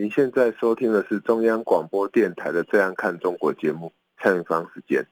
您現在收聽的是中央廣播電臺的《這樣看中國》節目，蔡明芳時間。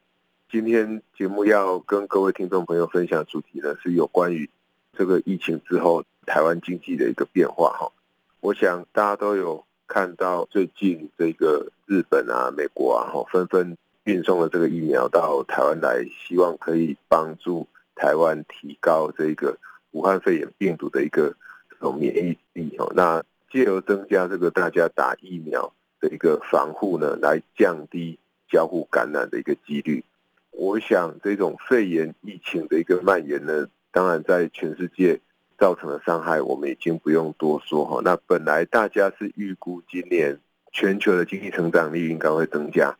今天節目要跟各位聽眾朋友分享的主題呢，是有關於這個疫情之後台灣經濟的一個變化哈。我想大家都有看到最近這個日本啊、美國啊，哈，紛紛運送了這個疫苗到台灣來，希望可以幫助台灣提高這個武漢肺炎病毒的一個這種免疫力哦。那借由增加這個大家打疫苗的一個防護呢，來降低交互感染的一個幾率。我想這種肺炎疫情的一個蔓延呢，當然在全世界造成的傷害，我們已經不用多說哈。那本來大家是預估今年全球的經濟成長率應該會增加，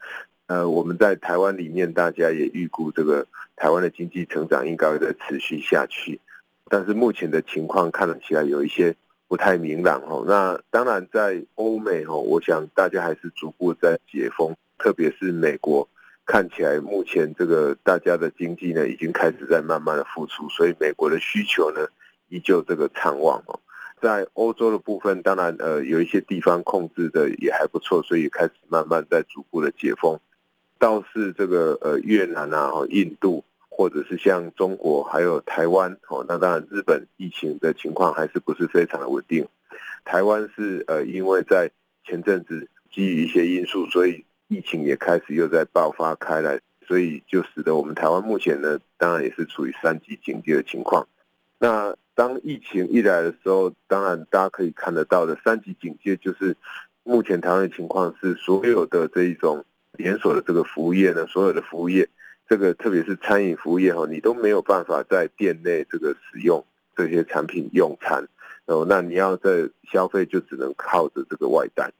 呃，我們在台灣裡面大家也預估這個台灣的經濟成長應該會再持續下去，但是目前的情況看起來有一些。不太明朗哦。那當然，在歐美哦，我想大家還是逐步在解封，特別是美國，看起來目前這個大家的經濟呢，已經開始在慢慢的復甦，所以美國的需求呢，依舊這個暢旺哦。在歐洲的部分，當然呃，有一些地方控制的也還不錯，所以開始慢慢在逐步的解封。倒是這個呃，越南啊，印度。或者是像中國，還有台灣哦，那當然日本疫情的情況還是不是非常的穩定。台灣是呃，因為在前陣子基於一些因素，所以疫情也開始又在爆發開來，所以就使得我們台灣目前呢，當然也是處於三級警戒的情況。那當疫情一來的時候，當然大家可以看得到的三級警戒就是目前台灣的情況是所有的這一種連鎖的這個服務業呢，所有的服務業。這個特別是餐飲服務業哈，你都沒有辦法在店內這個使用這些產品用餐，那你要在消費就只能靠着這個外帶，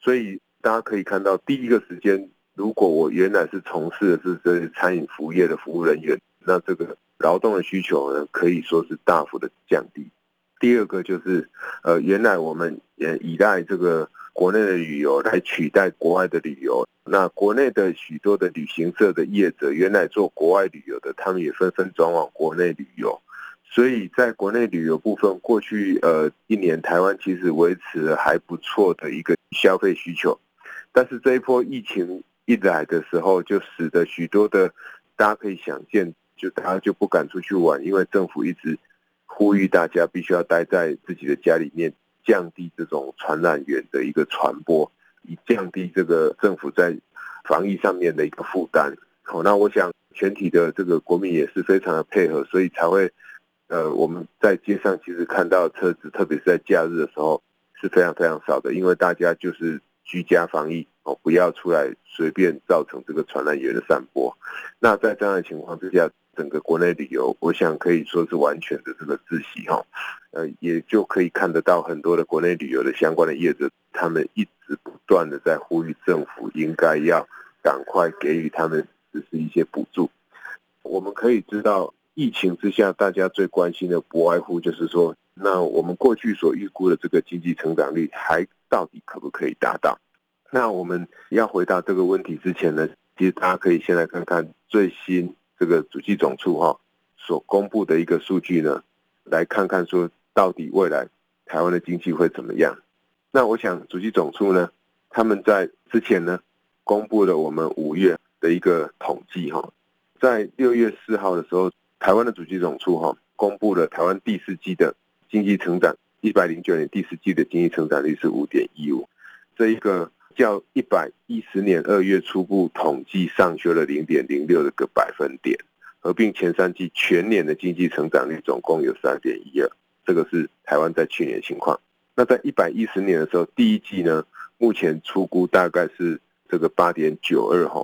所以大家可以看到，第一個時間，如果我原來是從事的是這些餐飲服務業的服務人員，那這個勞動的需求呢，可以說是大幅的降低。第二個就是，呃，原來我們也依賴這個。國內的旅遊來取代國外的旅遊，那國內的許多的旅行社的業者，原來做國外旅遊的，他們也紛紛轉往國內旅遊，所以在國內旅遊部分，過去呃一年，台灣其實維持了還不錯的一個消費需求，但是這一波疫情一來的時候，就使得許多的，大家可以想見，就他就不敢出去玩，因為政府一直呼籲大家必須要待在自己的家裡面。降低這種傳染源的一個傳播，以降低這個政府在防疫上面的一個負擔。好，那我想全體的這個國民也是非常的配合，所以才會呃，我們在街上其實看到車子，特別是在假日的時候是非常非常少的，因為大家就是居家防疫哦，不要出來隨便造成這個傳染源的散播。那在這樣的情況之下，整個國內旅遊，我想可以說是完全的這個窒息哈。呃，也就可以看得到很多的國內旅遊的相關的業者，他們一直不斷的在呼籲政府應該要趕快給予他們實施一些補助。我們可以知道，疫情之下，大家最關心的不外乎就是說，那我們過去所預估的這個經濟成長率，還到底可不可以達到？那我們要回答這個問題之前呢，其實大家可以先來看看最新這個主計總處哈、哦、所公布的一個數據呢，來看看說。到底未來台灣的經濟會怎麼樣？那我想，主計總處呢，他們在之前呢，公布了我們五月的一個統計哈，在六月四號的時候，台灣的主計總處哈，公布了台灣第四季的經濟成長，一百零九年第四季的經濟成長率是五點一五，這一個較一百一十年二月初步統計上修了零點零六個百分點，合併前三季全年的經濟成長率總共有三點一二。這個是台灣在去年的情況，那在一百一十年的時候，第一季呢，目前初估大概是這個八點九二哈，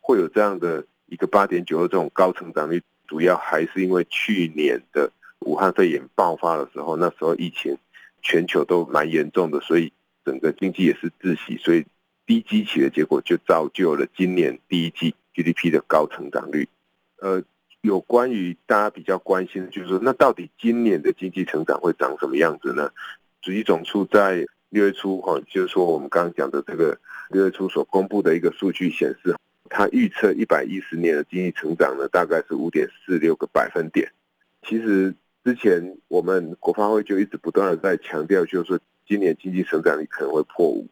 會有這樣的一個八點九二這種高成長率，主要還是因為去年的武漢肺炎爆發的時候，那時候疫情全球都蠻嚴重的，所以整個經濟也是窒息，所以低基期的結果就造就了今年第一季 GDP 的高成長率，呃。有關於大家比較關心的就是說，那到底今年的經濟成長會長什麼樣子呢？主計總處在六月初哈，就是說我們剛剛講的這個六月初所公布的一個數據顯示，它預測一百一十年的經濟成長呢，大概是五點四六個百分點。其實之前我們國發會就一直不斷的在強調，就是說今年經濟成長率可能會破五。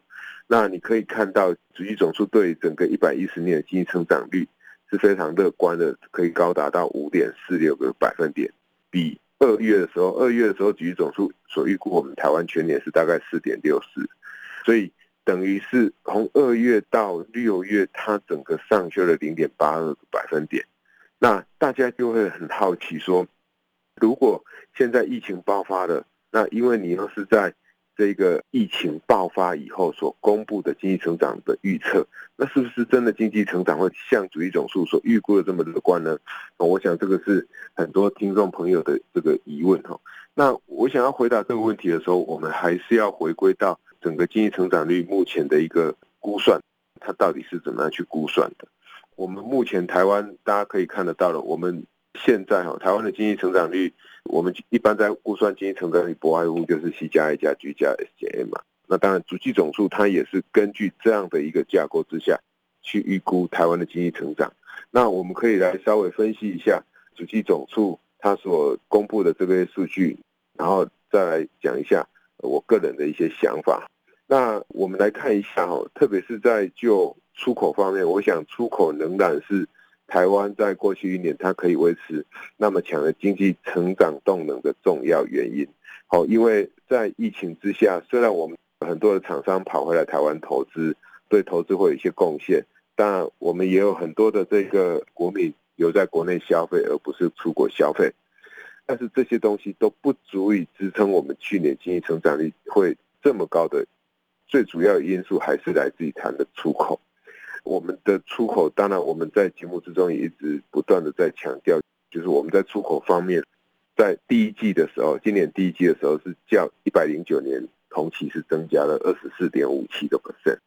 那你可以看到主計總處對整個一百一十年的經濟成長率，非常樂觀的，可以高達到五點四六個百分點，比二月的時候，二月的時候，主計總處所預估，我們台灣全年是大概四點六四，所以等於是從二月到六月，它整個上去了零點八二個百分點，那大家就會很好奇說，如果現在疫情爆發了，那因為你要是在。這個疫情爆發以後所公布的經濟成長的預測，那是不是真的經濟成長會像主計總處所預估的這麼樂觀呢？我想這個是很多聽眾朋友的這個疑問哈。那我想要回答這個問題的時候，我們還是要回歸到整個經濟成長率目前的一個估算，它到底是怎麼樣去估算的？我們目前台灣大家可以看得到了，我們現在哈台灣的經濟成長率。我們一般在估算經濟成長率，不外乎就是 C 加 I 加 G 加 S 減 M 嘛。那當然，主計總處，它也是根據這樣的一個架構之下去預估台灣的經濟成長。那我們可以來稍微分析一下主計總處它所公布的這些數據，然後再來講一下我個人的一些想法。那我們來看一下，哦，特別是在就出口方面，我想出口仍然是。台灣在過去一年，它可以維持那麼強的經濟成長動能的重要原因，好，因為在疫情之下，雖然我們很多的廠商跑回來台灣投資，對投資會有一些貢獻，但我們也有很多的這個國民留在國內消費，而不是出國消費。但是這些東西都不足以支撐我們去年經濟成長率會這麼高的，最主要的因素還是來自於它的出口。我們的出口，當然我們在節目之中也一直不斷的在強調，就是我們在出口方面，在第一季的時候，今年第一季的時候是較一百零九年同期是增加了二十四點五七的 percent，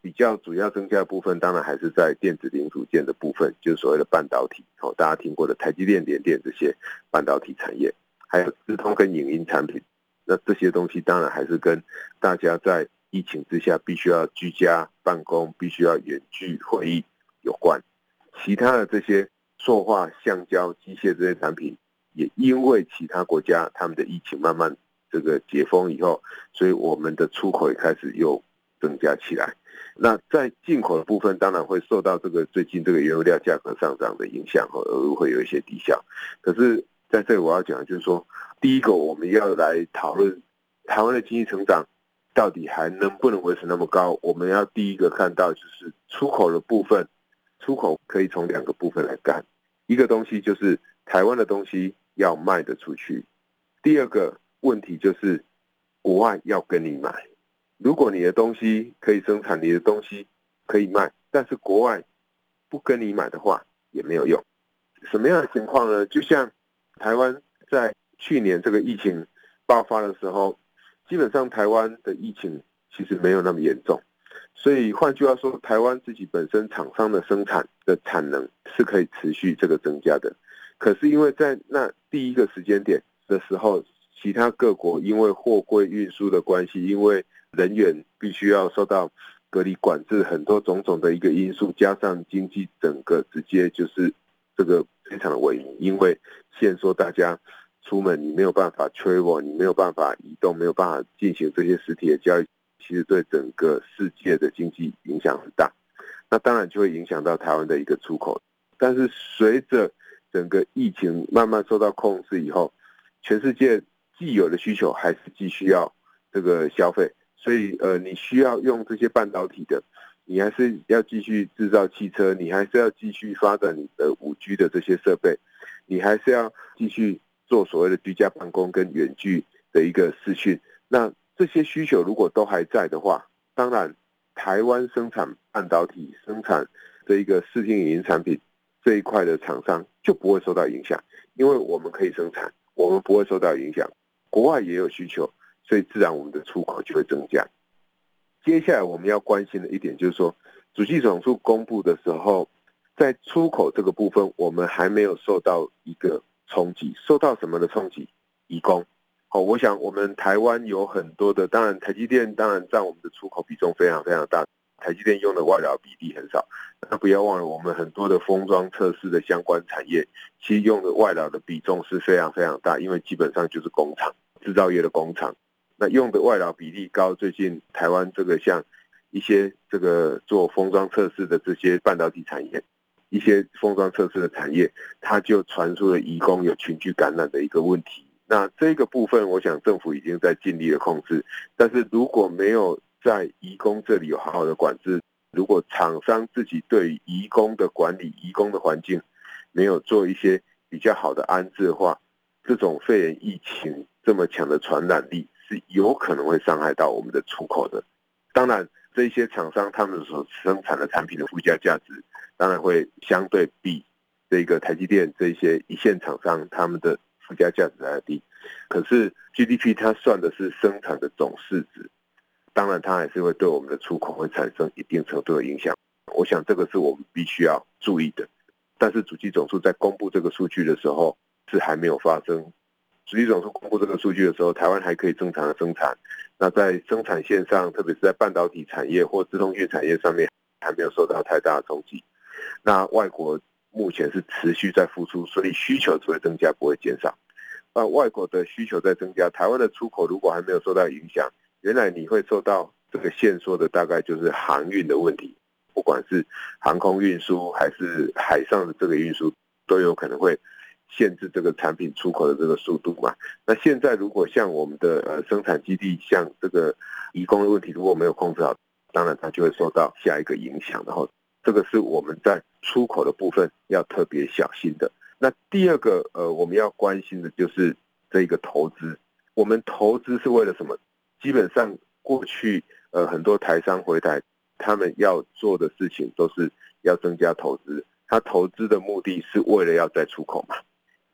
比較主要增加的部分，當然還是在電子零組件的部分，就是所謂的半導體，哦，大家聽過的台積電、聯電這些半導體產業，還有資通跟影音產品，那這些東西當然還是跟大家在。疫情之下，必須要居家辦公，必須要遠距會議有關。其他的這些塑化、橡膠、機械這些產品，也因為其他國家他們的疫情慢慢這個解封以後，所以我們的出口也開始又增加起來。那在進口的部分，當然會受到這個最近這個原物料價格上漲的影響，而會有一些抵消。可是，在這裡我要講的，就是說，第一個我們要來討論台灣的經濟成長。到底還能不能維持那麼高？我們要第一個看到就是出口的部分，出口可以從兩個部分來幹。一個東西就是台灣的東西要賣得出去，第二個問題就是國外要跟你買。如果你的東西可以生產，你的東西可以賣，但是國外不跟你買的話也沒有用。什麼樣的情況呢？就像台灣在去年這個疫情爆發的時候。基本上台灣的疫情其實沒有那麼嚴重，所以換句話說，台灣自己本身廠商的生產的產能是可以持續這個增加的。可是因為，在那第一個時間點的時候，其他各國因為貨櫃運輸的關係，因為人員必須要受到隔離管制，很多種種的一個因素，加上經濟整個直接就是這個非常的萎靡，因為現說大家。出門，你沒有辦法 travel，你沒有辦法移動，沒有辦法進行這些實體的交易，其實對整個世界的經濟影響很大。那當然就會影響到台灣的一個出口。但是隨着整個疫情慢慢受到控制以後，全世界既有的需求還是繼續要這個消費，所以呃你需要用這些半導體的，你還是要繼續製造汽車，你還是要繼續發展你的五 G 的這些設備，你還是要繼續。做所謂的居家辦公跟遠距的一個視訊，那這些需求如果都還在的話，當然台灣生產半導體、生產的一個視聽影音產品這一塊的廠商就不會受到影響，因為我們可以生產，我們不會受到影響。國外也有需求，所以自然我們的出口就會增加。接下來我們要關心的一點就是說，主計總處公布的時候，在出口這個部分，我們還沒有受到一個。衝擊。受到什麼的衝擊？移工。哦，我想我們台灣有很多的，當然台積電當然佔我們的出口比重非常非常大。台積電用的外勞比例很少，那不要忘了我們很多的封裝測試的相關產業，其實用的外勞的比重是非常非常大，因為基本上就是工廠製造業的工廠，那用的外勞比例高。最近台灣這個像一些這個做封裝測試的這些半導體產業。一些封裝測試的產業，它就傳出了移工有群聚感染的一個問題。那這個部分，我想政府已經在盡力的控制。但是如果沒有在移工這裡有好好的管制，如果廠商自己對移工的管理、移工的環境沒有做一些比較好的安置的話，這種肺炎疫情這麼強的傳染力，是有可能會傷害到我們的出口的。當然，這些廠商他們所生產的產品的附加價值。當然會相對比這個台積電這些一線廠商，他們的附加價值還要低。可是 GDP 它算的是生產的總市值，當然它還是會對我們的出口會產生一定程度的影響。我想這個是我們必須要注意的。但是主計總處在公布這個數據的時候，是還沒有發生。主計總處公布這個數據的時候，台灣還可以正常的生產。那在生產線上，特別是在半導體產業或資通訊產業上面，還沒有受到太大的衝擊。那外國目前是持續在付出，所以需求只會增加，不會減少。那、呃、外國的需求在增加，台灣的出口如果還沒有受到影響，原來你會受到這個限縮的，大概就是航運的問題，不管是航空運輸還是海上的這個運輸，都有可能會限制這個產品出口的這個速度嘛。那現在如果像我們的呃生產基地，像這個移工的問題如果沒有控制好，當然它就會受到下一個影響，然後。這個是我們在出口的部分要特別小心的。那第二個，呃，我們要關心的就是這個投資。我們投資是為了什麼？基本上過去，呃，很多台商回台，他們要做的事情都是要增加投資。他投資的目的是為了要再出口嘛。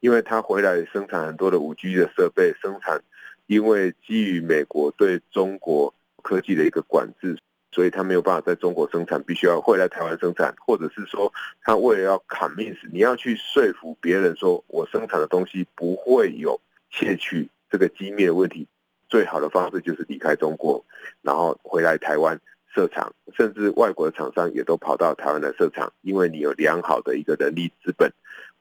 因為他回來生產很多的 5G 的設備，生產，因為基於美國對中國科技的一個管制。所以他沒有辦法在中國生產，必須要回來台灣生產，或者是說他為了要 compliance，你要去說服別人說，我生產的東西不會有竊取這個機密的問題。最好的方式就是離開中國，然後回來台灣設廠，甚至外國的廠商也都跑到台灣來設廠，因為你有良好的一個人力資本，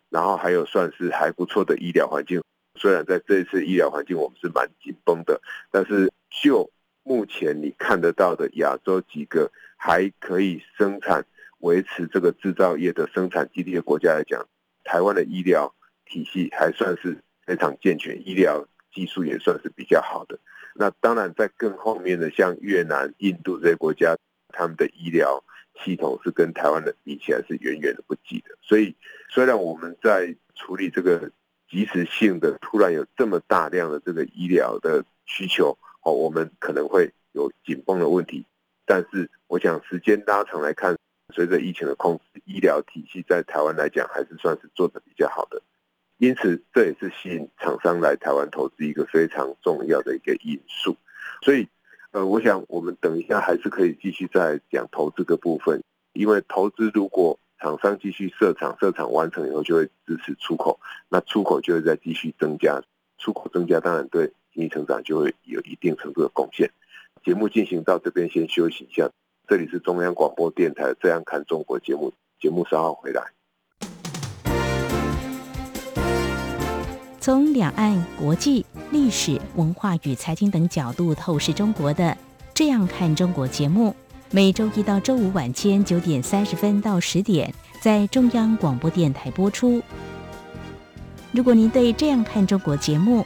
然後還有算是還不錯的醫療環境。雖然在這一次醫療環境我們是蠻緊繃的，但是就。目前你看得到的亞洲幾個還可以生產、維持這個制造業的生產基地的國家來講，台灣的醫療體系還算是非常健全，醫療技術也算是比較好的。那當然，在更後面的像越南、印度這些國家，他們的醫療系統是跟台灣的比起來是遠遠的不及的。所以，雖然我們在處理這個即時性的突然有這麼大量的這個醫療的需求。哦，我們可能會有緊繃的問題，但是我想時間拉長來看，隨着疫情的控制，醫療體系在台灣來講還是算是做得比較好的，因此這也是吸引廠商來台灣投資一個非常重要的一個因素。所以，呃，我想我們等一下還是可以繼續再講投資的部分，因為投資如果廠商繼續設廠，設廠完成以後就會支持出口，那出口就會再繼續增加，出口增加當然對。你成長就會有一定程度的貢獻。節目進行到這邊，先休息一下。這裡是中央廣播電臺《這樣看中國》節目，節目稍後回來。從兩岸、國際、歷史文化與財經等角度透視中國的《這樣看中國》節目，每周一到周五晚間九點三十分到十點在中央廣播電臺播出。如果您對《這樣看中國》節目，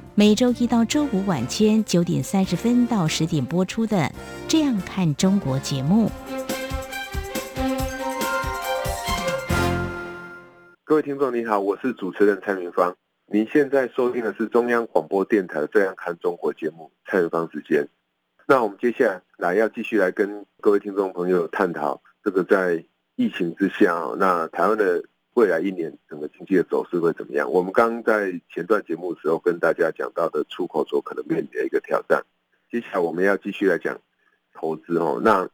每週一到週五晚間九點三十分到十點播出的《這樣看中國》節目。各位聽眾你好，我是主持人蔡明芳，您現在收聽的是中央廣播電臺《這樣看中國》節目，蔡明芳時間。那我們接下來要繼續來跟各位聽眾朋友探討這個在疫情之下，哦，那台灣的。未來一年整個經濟的走勢會怎麼樣？我們剛在前段節目的時候跟大家講到的出口所可能面臨的一個挑戰，接下來我們要繼續來講投資哦。那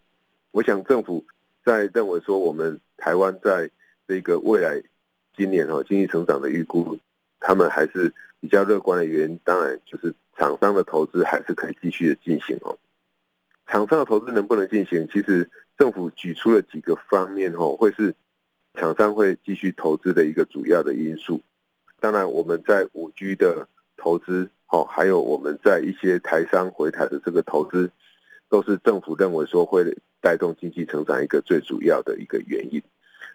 我想政府在認為說我們台灣在這個未來今年哦經濟成長的預估，他們還是比較樂觀的原因，當然就是廠商的投資還是可以繼續的進行哦。廠商的投資能不能進行？其實政府舉出了幾個方面哦，會是。廠商會繼續投資的一個主要的因素，當然我們在 5G 的投資，哦，還有我們在一些台商回台的這個投資，都是政府認為說會帶動經濟成長一個最主要的一個原因。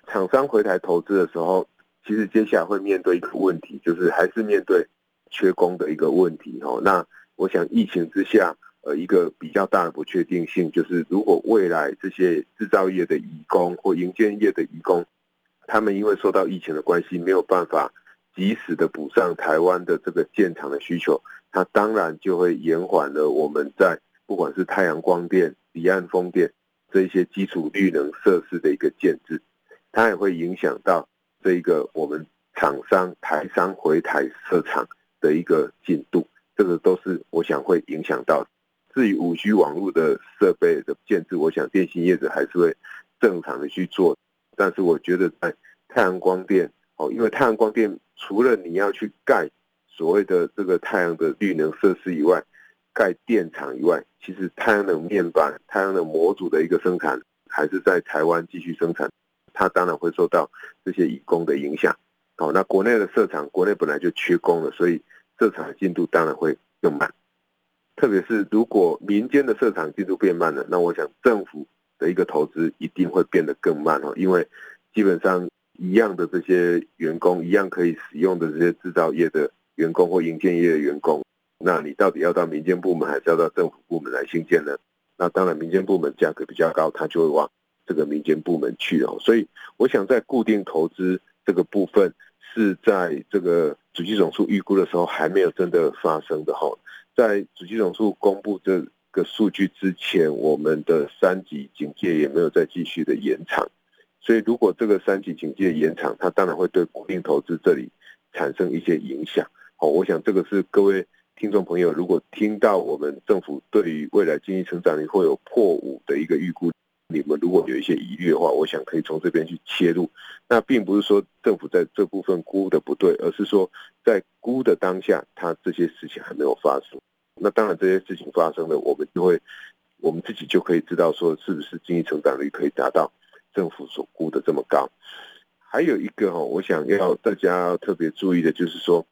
廠商回台投資的時候，其實接下來會面對一個問題，就是還是面對缺工的一個問題。哦，那我想疫情之下，呃，一個比較大的不確定性就是，如果未來這些製造業的移工或營建業的移工，他們因為受到疫情的關係，沒有辦法及時的補上台灣的這個建廠的需求，它當然就會延緩了我們在不管是太陽光電、離岸風電這些基礎綠能設施的一個建置，它也會影響到這一個我們廠商台商回台設廠的一個進度，這個都是我想會影響到。至於 5G 網絡的設備的建置，我想電信業者還是會正常的去做。但是我覺得在太陽光電，哦，因為太陽光電除了你要去蓋所謂的這個太陽的綠能設施以外，蓋電廠以外，其實太陽能面板、太陽能模組的一個生產還是在台灣繼續生產，它當然會受到這些移工的影響。哦，那國內的設廠，國內本來就缺工了，所以設廠進度當然會更慢。特別是如果民間的設廠進度變慢了，那我想政府。的一個投資一定會變得更慢哦，因為基本上一樣的這些員工，一樣可以使用的這些製造業的員工或營建業的員工，那你到底要到民間部門還是要到政府部門來興建呢？那當然，民間部門價格比較高，他就會往這個民間部門去哦。所以，我想在固定投資這個部分是在這個主計總處預估的時候還沒有真的發生的哈，在主計總處公布這。個數據之前，我們的三級警戒也沒有再繼續的延長，所以如果這個三級警戒延長，它當然會對固定投資這裡產生一些影響。好，我想這個是各位聽眾朋友，如果聽到我們政府對於未來經濟成長率會有破五的一個預估，你們如果有一些疑慮的話，我想可以從這邊去切入。那並不是說政府在這部分估的不對，而是說在估的當下，它這些事情還沒有發生。那當然，這些事情發生了，我們就會，我們自己就可以知道說，是不是經濟成長率可以達到政府所估的這麼高？還有一個哦，我想要大家要特別注意的，就是說，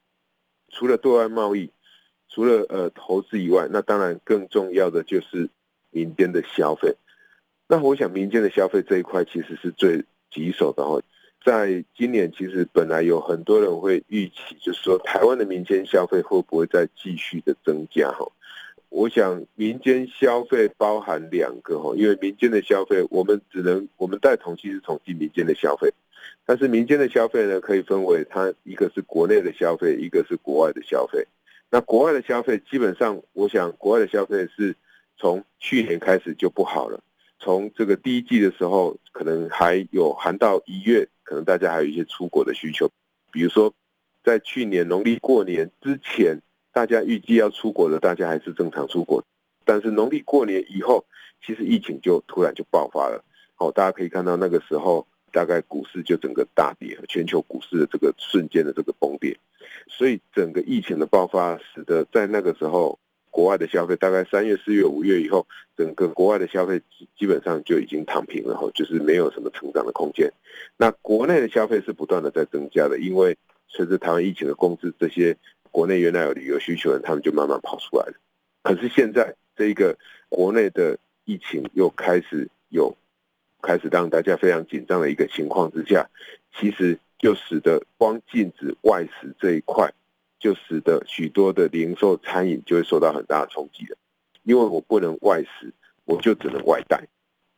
除了對外貿易，除了呃投資以外，那當然更重要的就是民間的消費。那我想，民間的消費這一塊其實是最棘手的哈哦。在今年，其實本來有很多人會預期，就是說台灣的民間消費會不會再繼續的增加？哦，我想民間消費包含兩個哈、哦，因為民間的消費我們只能我們在統計是統計民間的消費，但是民間的消費呢，可以分為它一個是國內的消費，一個是國外的消費。那國外的消費基本上，我想國外的消費是從去年開始就不好了。從這個第一季的時候，可能還有含到一月，可能大家還有一些出國的需求，比如說，在去年農曆過年之前，大家預計要出國的，大家還是正常出國，但是農曆過年以後，其實疫情就突然就爆發了。好、哦，大家可以看到那個時候，大概股市就整個大跌，全球股市的這個瞬間的這個崩跌，所以整個疫情的爆發，使得在那個時候。國外的消費大概三月、四月、五月以後，整個國外的消費基本上就已經躺平了，然後就是沒有什麼成長的空間。那國內的消費是不斷的在增加的，因為隨着台灣疫情的控制，這些國內原來有旅遊需求的人，他們就慢慢跑出來了。可是現在這一個國內的疫情又開始有開始讓大家非常緊張的一個情況之下，其實就使得光禁止外食這一塊。就使得許多的零售餐飲就會受到很大的衝擊了，因為我不能外食，我就只能外帶，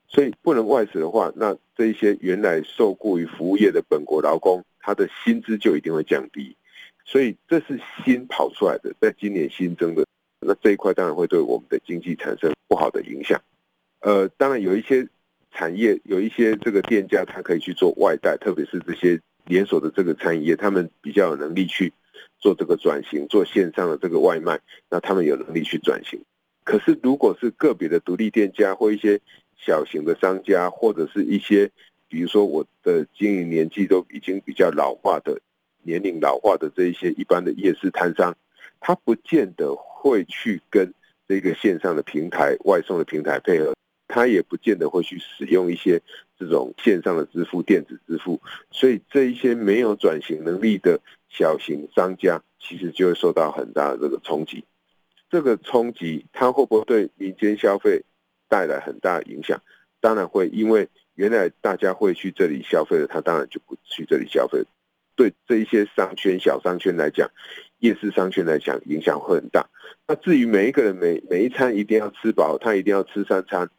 所以不能外食的話，那這些原來受僱於服務業的本國勞工，他的薪資就一定會降低，所以這是新跑出來的，在今年新增的，那這一塊當然會對我們的經濟產生不好的影響，呃，當然有一些產業，有一些這個店家，他可以去做外帶，特別是這些連鎖的這個餐飲業，他們比較有能力去。做這個轉型，做線上的這個外賣，那他們有能力去轉型。可是，如果是個別的獨立店家或一些小型的商家，或者是一些比如說我的經營年紀都已經比較老化的、年齡老化的這一些一般的夜市攤商，他不見得會去跟這個線上的平台、外送的平台配合，他也不見得會去使用一些這種線上的支付、電子支付。所以，這一些沒有轉型能力的。小型商家其實就會受到很大的這個衝擊，這個衝擊它會不會對民間消費帶來很大的影響？當然會，因為原來大家會去這裡消費的，他當然就不去這裡消費。對這一些商圈、小商圈來講，夜市商圈來講，影響會很大。那至於每一個人每每一餐一定要吃飽，他一定要吃三餐，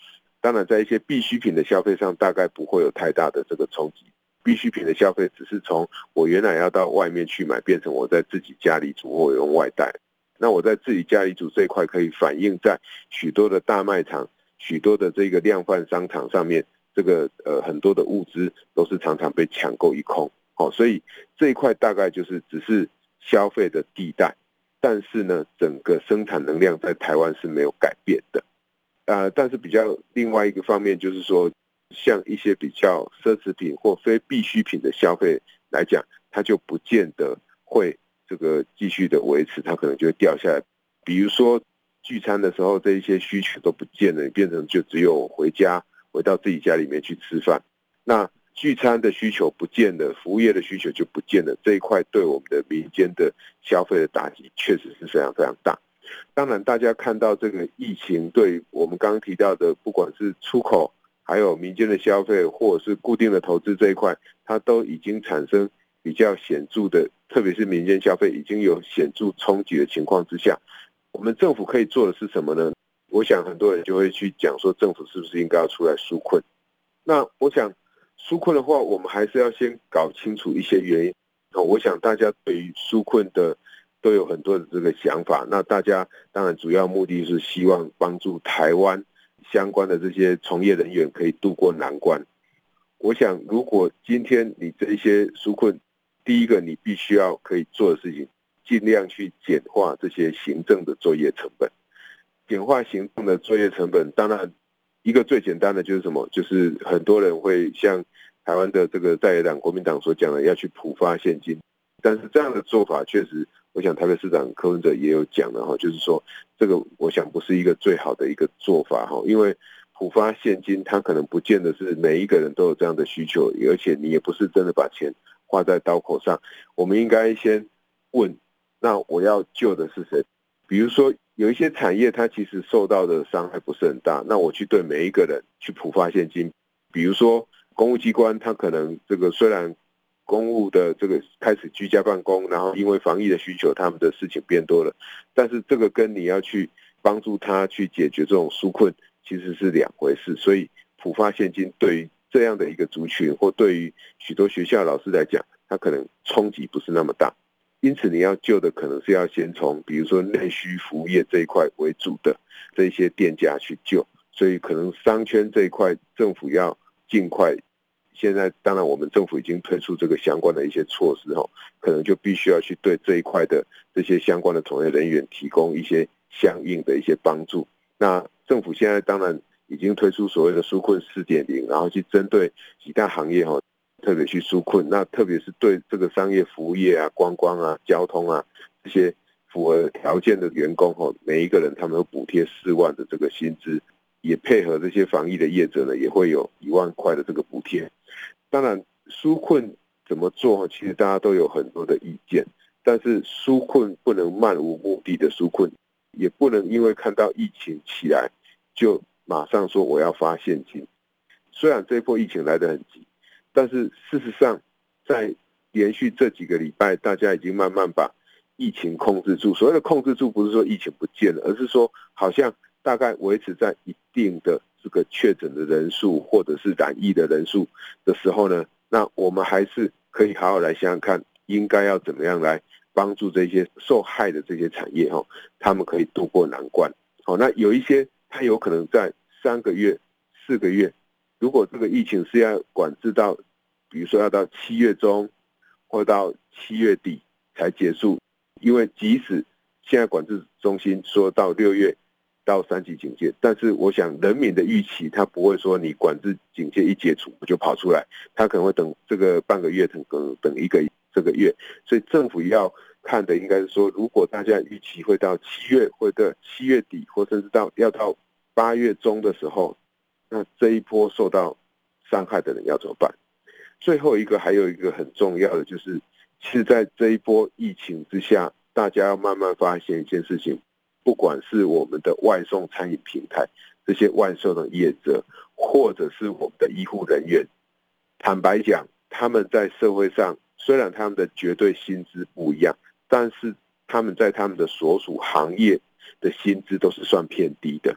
當然在一些必需品的消費上，大概不會有太大的這個衝擊。必需品的消費只是從我原來要到外面去買，變成我在自己家裡煮，我用外帶。那我在自己家裡煮這一塊，可以反映在許多的大賣場、許多的這個量販商場上面。這個呃，很多的物資都是常常被搶購一空。哦，所以這一塊大概就是只是消費的地帶，但是呢，整個生產能量在台灣是沒有改變的。呃，但是比較另外一個方面就是說，像一些比較奢侈品、或非必需品的消費來講，它就不見得會這個繼續的維持，它可能就會掉下來。比如說聚餐的時候，這一些需求都不見了，變成就只有回家回到自己家裡面去吃飯。那聚餐的需求不見了，服務業的需求就不見了。這一塊對我們的民間的消費的打擊確實是非常非常大。當然，大家看到這個疫情對我們剛剛提到的，不管是出口，還有民間的消費或者是固定的投資這一塊，它都已經產生比較顯著的，特別是民間消費已經有顯著衝擊的情況之下，我們政府可以做的是什麼呢？我想很多人就會去講說，政府是不是應該要出來紓困？那我想紓困的話，我們還是要先搞清楚一些原因。那我想大家對於紓困的都有很多的這個想法。那大家當然主要目的是希望幫助台灣。相關的這些從業人員可以度過難關。我想，如果今天你這一些紓困，第一個你必須要可以做的事情，盡量去簡化這些行政的作業成本。簡化行政的作業成本，當然一個最簡單的就是什麼？就是很多人會像台灣的這個在野黨國民黨所講的，要去普發現金。但是這樣的做法確實。我想台北市長柯文哲也有講了哈，就是說這個我想不是一個最好的一個做法哈，因為普發現金，它可能不見得是每一個人都有這樣的需求，而且你也不是真的把錢花在刀口上。我們應該先問，那我要救的是誰？比如說有一些產業，它其實受到的傷害不是很大，那我去對每一個人去普發現金。比如說公務機關，它可能這個雖然。公務的這個開始居家辦公，然後因為防疫的需求，他們的事情變多了。但是這個跟你要去幫助他去解決這種紓困，其實是兩回事。所以普發現金對於這樣的一個族群，或對於許多學校老師來講，他可能衝擊不是那麼大。因此你要救的可能是要先從比如說內需服務業這一塊為主的這些店家去救。所以可能商圈這一塊，政府要盡快。現在當然，我們政府已經推出這個相關的一些措施，哦，可能就必須要去對這一塊的這些相關的從業人員提供一些相應的一些幫助。那政府現在當然已經推出所謂的紓困四點零，然後去針對幾大行業，哦，特別去紓困。那特別是對這個商業服務業啊、觀光啊、交通啊這些符合條件的員工，哦，哈，每一個人他們都補貼四萬的這個薪資，也配合這些防疫的業者呢，也會有一萬塊的這個補貼。當然，紓困怎麼做？其實大家都有很多的意見，但是紓困不能漫無目的的紓困，也不能因為看到疫情起來就馬上說我要發現金。雖然這一波疫情來得很急，但是事實上，在連續這幾個禮拜，大家已經慢慢把疫情控制住。所謂的控制住，不是說疫情不見了，而是說好像大概維持在一定的。這個確診的人數或者是染疫的人數的時候呢，那我們還是可以好好來想想看，應該要怎麼樣來幫助這些受害的這些產業哦，他們可以渡過難關。好，那有一些它有可能在三個月、四個月，如果這個疫情是要管制到，比如說要到七月中或到七月底才結束，因為即使現在管制中心說到六月。到三級警戒，但是我想人民的預期，他不會說你管制警戒一解除就跑出來，他可能會等這個半個月，等等等一個這個月，所以政府要看的應該是說，如果大家預期會到七月，或者七月底，或甚至到要到八月中的時候，那這一波受到傷害的人要怎麼辦？最後一個還有一個很重要的就是，其實在這一波疫情之下，大家要慢慢發現一件事情。不管是我們的外送餐飲平台，這些外送的業者，或者是我們的醫護人員，坦白講，他們在社會上雖然他們的絕對薪資不一樣，但是他們在他們的所屬行業的薪資都是算偏低的。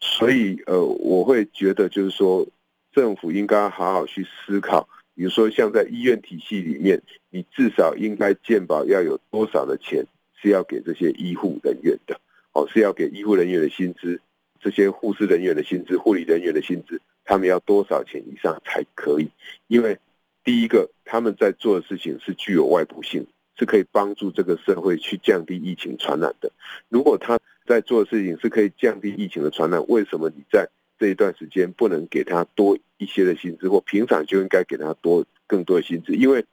所以，呃，我會覺得就是說，政府應該好好去思考，比如說像在醫院體系裡面，你至少應該健保要有多少的錢。是要給這些醫護人員的哦，是要給醫護人員的薪資、這些護士人員的薪資、護理人員的薪資，他們要多少錢以上才可以？因為第一個，他們在做的事情是具有外部性，是可以幫助這個社會去降低疫情傳染的。如果他在做的事情是可以降低疫情的傳染，為什麼你在這一段時間不能給他多一些的薪資，或平常就應該給他多更多的薪資？因為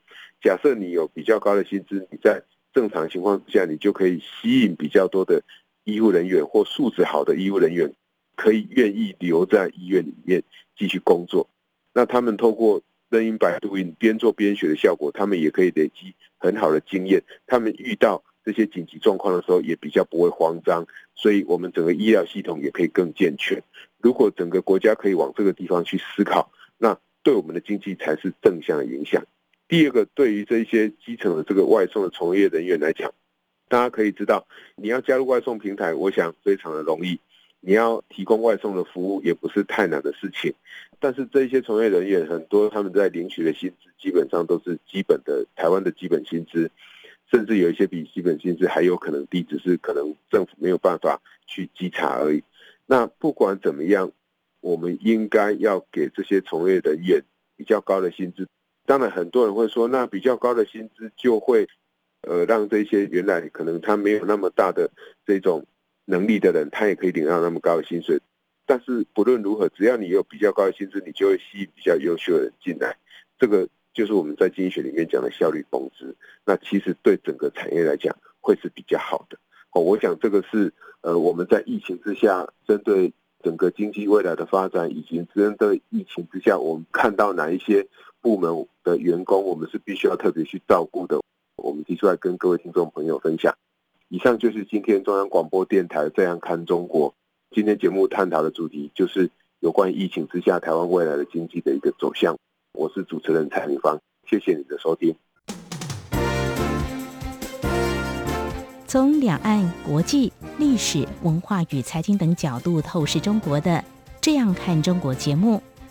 假設你有比較高的薪資，你在正常情況下，你就可以吸引比較多的醫護人員或素質好的醫護人員，可以願意留在醫院裡面繼續工作。那他們透過任音百度雲邊做邊學的效果，他們也可以累積很好的經驗。他們遇到這些緊急狀況的時候，也比較不會慌張。所以，我們整個醫療系統也可以更健全。如果整個國家可以往這個地方去思考，那對我們的經濟才是正向的影響。第二個，對於這些基層的這個外送的從業人員來講，大家可以知道，你要加入外送平台，我想非常的容易；你要提供外送的服務，也不是太難的事情。但是這些從業人員很多，他們在領取的薪資基本上都是基本的台灣的基本薪資，甚至有一些比基本薪資還有可能低，只是可能政府沒有辦法去稽查而已。那不管怎麼樣，我們應該要給這些從業人員比較高的薪資。當然，很多人會說，那比較高的薪資就會，呃，讓這些原來可能他沒有那麼大的這種能力的人，他也可以領到那麼高的薪水。但是不論如何，只要你有比較高的薪資，你就會吸引比較優秀的人進來。這個就是我們在經濟學裡面講的效率工資。那其實對整個產業來講，會是比較好的。哦，我想這個是呃，我們在疫情之下，針對整個經濟未來的發展，以及針對疫情之下，我們看到哪一些。部門的員工，我們是必須要特別去照顧的。我們提出來跟各位聽眾朋友分享。以上就是今天中央廣播電台的《這樣看中國》今天節目探討的主題，就是有關疫情之下台灣未來的經濟的一個走向。我是主持人蔡明芳，謝謝你的收聽。從兩岸、國際、歷史、文化與財經等角度透視中國的《這樣看中國》節目，